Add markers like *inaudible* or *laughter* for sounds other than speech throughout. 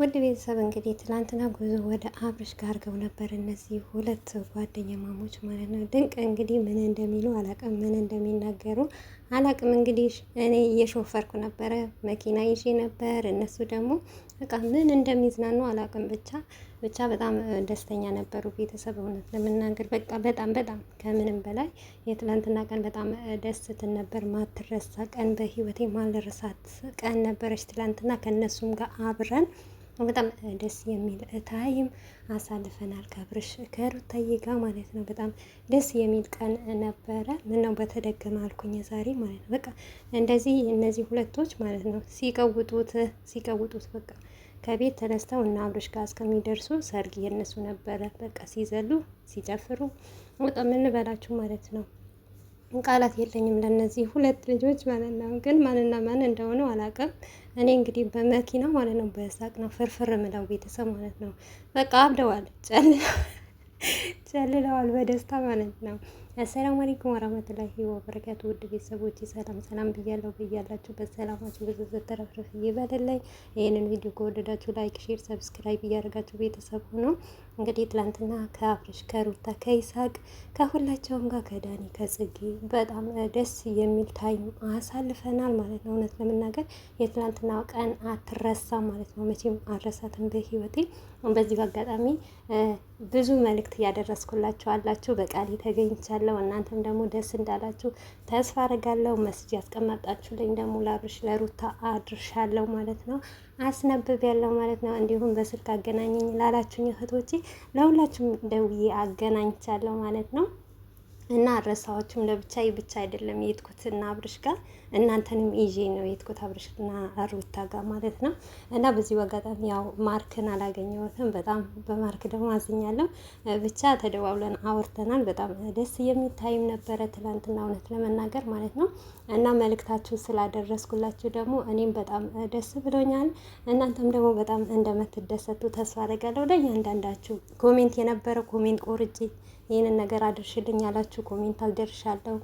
ወደ ቤተሰብ እንግዲህ ትላንትና ጉዞ ወደ አብርሽ ጋር አድርገው ነበር እነዚህ ሁለት ጓደኛ ማሞች ማለት ነው። ድንቅ እንግዲህ ምን እንደሚሉ አላቅም፣ ምን እንደሚናገሩ አላቅም። እንግዲህ እኔ እየሾፈርኩ ነበረ፣ መኪና ይዤ ነበር። እነሱ ደግሞ በቃ ምን እንደሚዝናኑ አላቅም። ብቻ ብቻ በጣም ደስተኛ ነበሩ ቤተሰብ። እውነት ለመናገር በቃ በጣም በጣም ከምንም በላይ የትላንትና ቀን በጣም ደስ ነበር። ማትረሳ ቀን፣ በህይወቴ ማልረሳት ቀን ነበረች ትላንትና ከእነሱም ጋር አብረን በጣም ደስ የሚል ታይም አሳልፈናል ከብርሽ ከሩታዬ ጋር ማለት ነው። በጣም ደስ የሚል ቀን ነበረ። ነው በተደገመ አልኩኝ ዛሬ ማለት ነው። በቃ እንደዚህ እነዚህ ሁለቶች ማለት ነው ሲቀውጡት ሲቀውጡት በቃ ከቤት ተነስተው እና አብርሽ ጋር እስከሚደርሱ ሰርግ የነሱ ነበረ። በቃ ሲዘሉ ሲጨፍሩ ወጣ ምን በላችሁ ማለት ነው። ቃላት የለኝም ለነዚህ ሁለት ልጆች ማለት ነው። ግን ማንና ማን እንደሆነ አላውቅም። እኔ እንግዲህ በመኪና ማለት ነው በሳቅ ነው ፍርፍር ምለው ቤተሰብ ማለት ነው። በቃ አብደዋል፣ ጨልለዋል በደስታ ማለት ነው። አሰላሙ አለይኩም ወራህመቱላሂ ወበረካቱ ውድ ቤተሰቦች ሰላም ሰላም ብያለሁ። ብያላችሁ በሰላማችሁ ብዙ ተረፍረፍ ይበልልኝ። ይህንን ቪዲዮ ከወደዳችሁ ላይክ፣ ሼር፣ ሰብስክራይብ እያደረጋችሁ ቤተሰብ ሆነው እንግዲህ ትላንትና ከአብርሽ ከሩታ ከይሳቅ ከሁላቸውም ጋር ከዳኒ ከጽጌ በጣም ደስ የሚል ታይም አሳልፈናል ማለት ነው። እውነት ለመናገር የትላንትና ቀን አትረሳ ማለት ነው። መቼም አረሳትን በህይወቴ። በዚህ በአጋጣሚ ብዙ መልእክት እያደረስኩላችሁ አላችሁ በቃል ተገኝቻለሁ። እናንተም ደግሞ ደስ እንዳላችሁ ተስፋ አረጋለሁ። መስጅ ያስቀመጣችሁልኝ ደግሞ ለአብርሽ ለሩታ አድርሻለሁ ማለት ነው። አስነብብ ያለው ማለት ነው። እንዲሁም በስልክ አገናኘኝ ላላችሁኝ እህቶች ለሁላችሁም ደውዬ አገናኝቻለሁ ማለት ነው እና ረሳዎችም ለብቻዬ ብቻ አይደለም የሄድኩት እና አብርሽ ጋር እናንተንም ይዤ ነው የትኩት አብርሽና ሩታ ጋር ማለት ነው። እና በዚህ አጋጣሚ ያው ማርክን አላገኘሁትም። በጣም በማርክ ደግሞ አዝኛለሁ። ብቻ ተደዋውለን አውርተናል። በጣም ደስ የሚታይም ነበረ ትላንትና እውነት ለመናገር ማለት ነው። እና መልእክታችሁ ስላደረስኩላችሁ ደግሞ እኔም በጣም ደስ ብሎኛል። እናንተም ደግሞ በጣም እንደምትደሰቱ ተስፋ አደርጋለሁ። ለእያንዳንዳችሁ ኮሜንት የነበረ ኮሜንት ቆርጬ ይህንን ነገር አድርሽልኝ ያላችሁ ኮሜንት አልደርሻለሁ።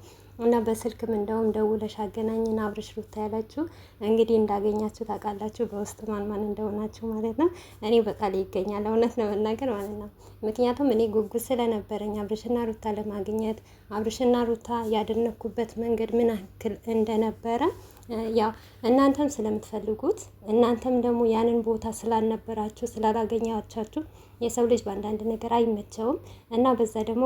እና በስልክም እንደውም ደውለሽ አገናኝን አብረሽ ሩታ ያላችሁ እንግዲህ እንዳገኛችሁ ታውቃላችሁ። በውስጥ ማን ማን እንደሆናችሁ ማለት ነው። እኔ በቃል ይገኛል እውነት ለመናገር ማለት ነው። ምክንያቱም እኔ ጉጉት ስለነበረኝ አብርሽና ሩታ ለማግኘት አብርሽና ሩታ ያደነኩበት መንገድ ምን ያክል እንደነበረ ያው እናንተም ስለምትፈልጉት እናንተም ደግሞ ያንን ቦታ ስላልነበራችሁ ስላላገኛቻችሁ የሰው ልጅ በአንዳንድ ነገር አይመቸውም እና በዛ ደግሞ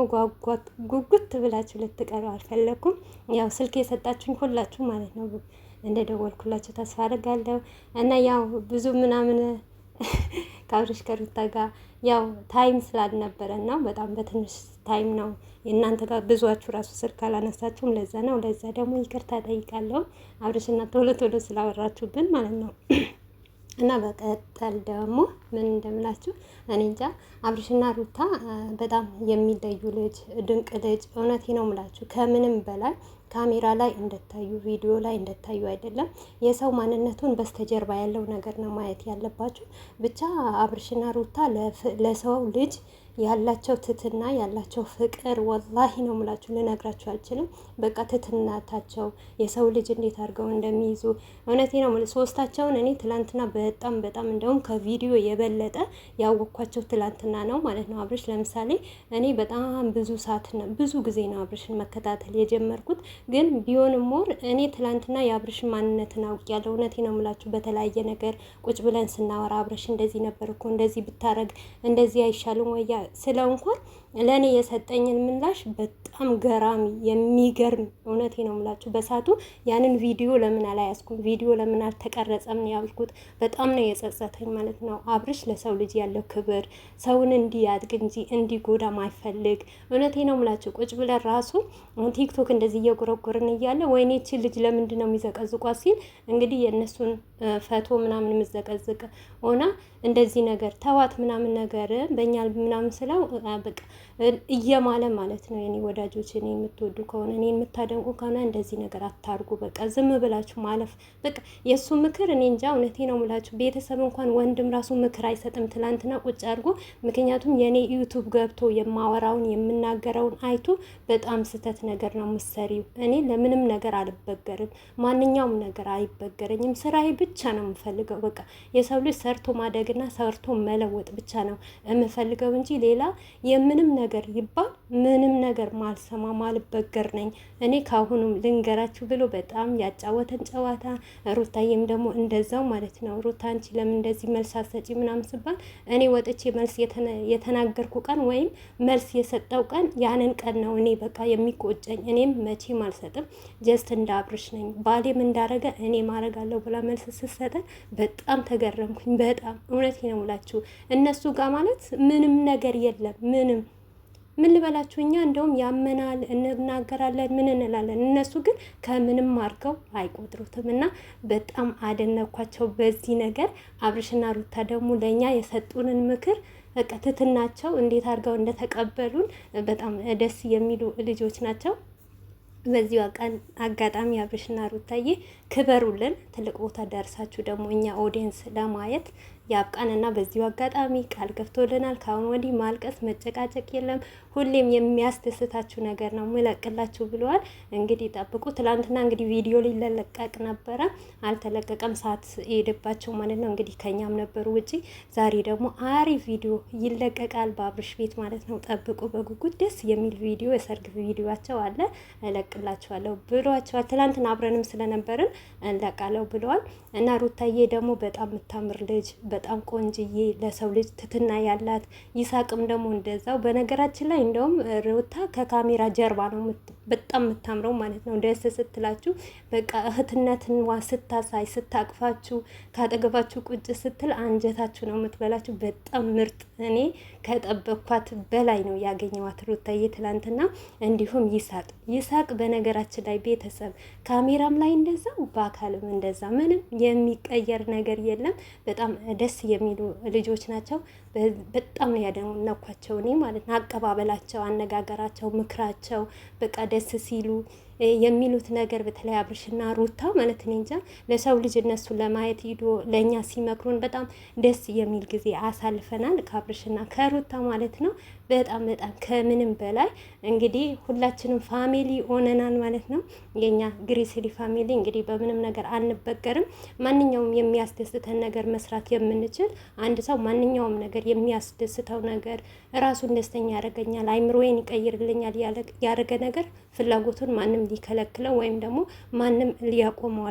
ጉጉት ብላችሁ ልትቀሩ አልፈለኩም። ያው ስልክ የሰጣችሁኝ ሁላችሁ ማለት ነው እንደ ደወልኩላችሁ ተስፋ አድርጋለሁ እና ያው ብዙ ምናምን *laughs* ከአብርሽ ከሩታ ጋር ያው ታይም ስላልነበረን ነው። በጣም በትንሽ ታይም ነው የእናንተ ጋር ብዙችሁ ራሱ ስልክ አላነሳችሁም። ለዛ ነው። ለዛ ደግሞ ይቅርታ ጠይቃለሁ አብርሽና ቶሎ ቶሎ ስላወራችሁብን ማለት ነው። እና በቀጠል ደግሞ ምን እንደምላችሁ እኔ እንጃ። አብርሽና ሩታ በጣም የሚለዩ ልጅ፣ ድንቅ ልጅ። እውነቴ ነው የምላችሁ ከምንም በላይ ካሜራ ላይ እንደታዩ ቪዲዮ ላይ እንደታዩ አይደለም። የሰው ማንነቱን በስተጀርባ ያለው ነገር ነው ማየት ያለባችሁ። ብቻ አብርሽና ሩታ ለሰው ልጅ ያላቸው ትትና ያላቸው ፍቅር ወላሂ ነው ምላችሁ ልነግራችሁ አልችልም። በቃ ትትናታቸው የሰው ልጅ እንዴት አድርገው እንደሚይዙ እውነቴ ነው። ሶስታቸውን እኔ ትላንትና በጣም በጣም እንደውም ከቪዲዮ የበለጠ ያወኳቸው ትላንትና ነው ማለት ነው። አብርሽ ለምሳሌ እኔ በጣም ብዙ ሰዓት ብዙ ጊዜ ነው አብርሽን መከታተል የጀመርኩት፣ ግን ቢሆንም ሞር እኔ ትላንትና የአብርሽን ማንነትን አውቄያለሁ። እውነቴ ነው የምላችሁ በተለያየ ነገር ቁጭ ብለን ስናወራ አብርሽ እንደዚህ ነበር እኮ እንደዚህ ብታረግ እንደዚህ አይሻልም ወያ ስለው እንኳን ለእኔ የሰጠኝን ምላሽ በጣም ገራሚ የሚገርም እውነቴ ነው የምላችሁ። በሳቱ ያንን ቪዲዮ ለምን አላያዝኩም? ቪዲዮ ለምን አልተቀረጸም ነው ያልኩት። በጣም ነው የጸጸተኝ ማለት ነው። አብርሽ ለሰው ልጅ ያለው ክብር ሰውን እንዲያድግ እንጂ እንዲጎዳ ማይፈልግ እውነቴ ነው የምላችሁ። ቁጭ ብለን ራሱ ቲክቶክ እንደዚህ እየጎረጎርን እያለ ወይኔ ይቺ ልጅ ለምንድን ነው የሚዘቀዝቋ ሲል እንግዲህ የእነሱን ፈቶ ምናምን የምዘቀዝቅ ሆና እንደዚህ ነገር ተዋት ምናምን ነገር በእኛ ምናምን ስለው በቃ እየማለ ማለት ነው። የኔ ወዳጆች፣ እኔ የምትወዱ ከሆነ እኔ የምታደንቁ ከሆነ እንደዚህ ነገር አታርጉ። በቃ ዝም ብላችሁ ማለፍ በቃ የእሱ ምክር እኔ እንጃ፣ እውነቴ ነው ምላችሁ ቤተሰብ እንኳን ወንድም ራሱ ምክር አይሰጥም። ትላንትና ቁጭ አድርጎ ምክንያቱም የእኔ ዩቱብ ገብቶ የማወራውን የምናገረውን አይቶ በጣም ስህተት ነገር ነው ምሰሪው እኔ ለምንም ነገር አልበገርም፣ ማንኛውም ነገር አይበገረኝም። ስራዬ ብቻ ነው የምፈልገው። በቃ የሰው ልጅ ሰርቶ ማደግና ሰርቶ መለወጥ ብቻ ነው የምፈልገው እንጂ ሌላ የምንም ነገር ይባል ምንም ነገር ማልሰማ ማልበገር ነኝ እኔ ካሁኑም ልንገራችሁ ብሎ በጣም ያጫወተን ጨዋታ፣ ሩታዬም ደግሞ እንደዛው ማለት ነው። ሩታ አንቺ ለምን እንደዚህ መልስ አሰጪ ምናምን ስባል እኔ ወጥቼ መልስ የተናገርኩ ቀን ወይም መልስ የሰጠው ቀን ያንን ቀን ነው እኔ በቃ የሚቆጨኝ። እኔም መቼም አልሰጥም፣ ጀስት እንዳብርሽ ነኝ ባሌም እንዳረገ እኔ ማረጋለሁ ብላ መልስ ስትሰጠን በጣም ተገረምኩኝ። በጣም እውነት ነው ላችሁ እነሱ ጋር ማለት ምንም ነገር ነገር የለም ምንም ምን ልበላችሁ፣ እኛ እንደውም ያመናል እንናገራለን፣ ምን እንላለን። እነሱ ግን ከምንም አድርገው አይቆጥሩትም። እና በጣም አደነኳቸው በዚህ ነገር። አብርሽና ሩታ ደግሞ ለእኛ የሰጡንን ምክር በቃ እንዴት አድርገው እንደተቀበሉን በጣም ደስ የሚሉ ልጆች ናቸው። በዚሁ አጋጣሚ አብርሽና ሩታዬ ክበሩልን። ትልቅ ቦታ ደርሳችሁ ደግሞ እኛ ኦዲየንስ ለማየት ያብቃንና በዚሁ አጋጣሚ ቃል ገብቶልናል። ከአሁን ወዲህ ማልቀስ፣ መጨቃጨቅ የለም ሁሌም የሚያስደስታችሁ ነገር ነው ምለቅላችሁ ብለዋል። እንግዲህ ጠብቁ። ትላንትና እንግዲህ ቪዲዮ ሊለቀቅ ነበረ አልተለቀቀም፣ ሰዓት ሄደባቸው ማለት ነው። እንግዲህ ከኛም ነበሩ ውጪ። ዛሬ ደግሞ አሪፍ ቪዲዮ ይለቀቃል በአብርሽ ቤት ማለት ነው። ጠብቁ በጉጉት ደስ የሚል ቪዲዮ የሰርግ ቪዲዮቸው አለ እለቅላችኋለሁ ብሏቸዋል። ትላንትና አብረንም ስለነበርን እለቃለሁ ብለዋል እና ሩታዬ ደግሞ በጣም የምታምር ልጅ በጣም ቆንጅዬ ለሰው ልጅ ትትና ያላት ይሳቅም ደግሞ እንደዛው። በነገራችን ላይ እንደውም ሩታ ከካሜራ ጀርባ ነው በጣም የምታምረው ማለት ነው። ደስ ስትላችሁ በቃ እህትነትንዋ ስታሳይ ስታቅፋችሁ፣ ካጠገባችሁ ቁጭ ስትል አንጀታችሁ ነው የምትበላችሁ። በጣም ምርጥ እኔ ከጠበኳት በላይ ነው ያገኘዋት ሩታዬ ትላንትና። እንዲሁም ይሳቅ ይሳቅ በነገራችን ላይ ቤተሰብ ካሜራም ላይ እንደዛው በአካልም እንደዛ ምንም የሚቀየር ነገር የለም በጣም ደስ የሚሉ ልጆች ናቸው። በጣም ነው ያደነኳቸው እኔ ማለት ነው። አቀባበላቸው፣ አነጋገራቸው፣ ምክራቸው በቃ ደስ ሲሉ የሚሉት ነገር በተለይ አብርሽና ሩታ ማለት ነው እንጃ ለሰው ልጅ እነሱ ለማየት ሂዶ ለእኛ ሲመክሩን በጣም ደስ የሚል ጊዜ አሳልፈናል። ከአብርሽና ከሩታ ማለት ነው። በጣም በጣም ከምንም በላይ እንግዲህ ሁላችንም ፋሚሊ ሆነናል ማለት ነው። የኛ ግሪስሊ ፋሚሊ እንግዲህ በምንም ነገር አንበገርም። ማንኛውም የሚያስደስተን ነገር መስራት የምንችል አንድ ሰው ማንኛውም ነገር የሚያስደስተው ነገር ራሱን ደስተኛ ያደርገኛል፣ አይምሮዬን ይቀይርልኛል ያደረገ ነገር ፍላጎቱን ማንም ሊከለክለው ወይም ደግሞ ማንም ሊያቆመው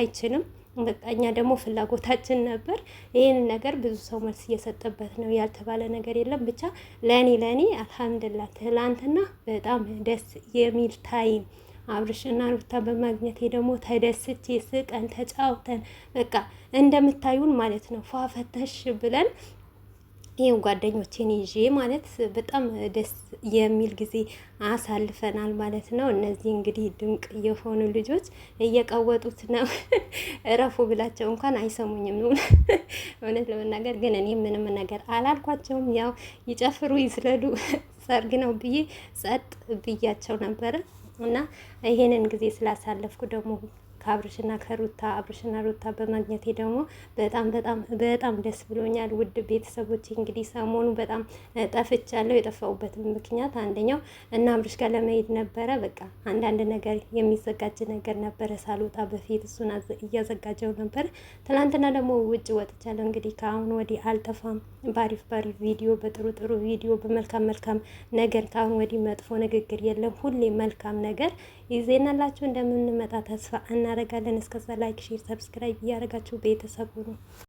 አይችልም። በቃኛ ደግሞ ፍላጎታችን ነበር። ይህን ነገር ብዙ ሰው መልስ እየሰጠበት ነው። ያልተባለ ነገር የለም። ብቻ ለእኔ ለእኔ አልሐምድላ ትላንትና በጣም ደስ የሚል ታይም አብርሽና ሩታ በማግኘቴ ደግሞ ተደስቼ ስቀን ተጫውተን በቃ እንደምታዩን ማለት ነው ፏፈተሽ ብለን ይሄው ጓደኞቼን ይዤ ማለት በጣም ደስ የሚል ጊዜ አሳልፈናል ማለት ነው። እነዚህ እንግዲህ ድንቅ የሆኑ ልጆች እየቀወጡት ነው። *laughs* እረፉ ብላቸው እንኳን አይሰሙኝም። እውነት ለመናገር ግን እኔ ምንም ነገር አላልኳቸውም። ያው ይጨፍሩ ይስለሉ፣ ሰርግ ነው ብዬ ጸጥ ብያቸው ነበረ እና ይሄንን ጊዜ ስላሳለፍኩ ደግሞ ከአብርሽና ከሩታ አብርሽና ሩታ በማግኘቴ ደግሞ በጣም በጣም በጣም ደስ ብሎኛል። ውድ ቤተሰቦች እንግዲህ ሰሞኑ በጣም ጠፍቻለሁ። የጠፋሁበትን ምክንያት አንደኛው እና አብርሽ ጋር ለመሄድ ነበረ። በቃ አንዳንድ ነገር የሚዘጋጅ ነገር ነበረ ሳልወጣ በፊት እሱን እያዘጋጀው ነበር። ትናንትና ደግሞ ውጭ ወጥቻለሁ። እንግዲህ ከአሁን ወዲህ አልጠፋም። ባሪፍ ባሪፍ ቪዲዮ፣ በጥሩ ጥሩ ቪዲዮ፣ በመልካም መልካም ነገር ከአሁን ወዲህ መጥፎ ንግግር የለም። ሁሌ መልካም ነገር ይዜናላችሁ እንደምንመጣ ተስፋ እና እናደርጋለን። እስከዛ ላይክ፣ ሼር፣ ሰብስክራይብ እያደረጋችሁ ቤተሰቡ ነው